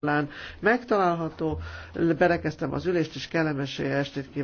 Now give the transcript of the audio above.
oldalán megtalálható. Berekeztem az ülést, és kellemes estét kívánok.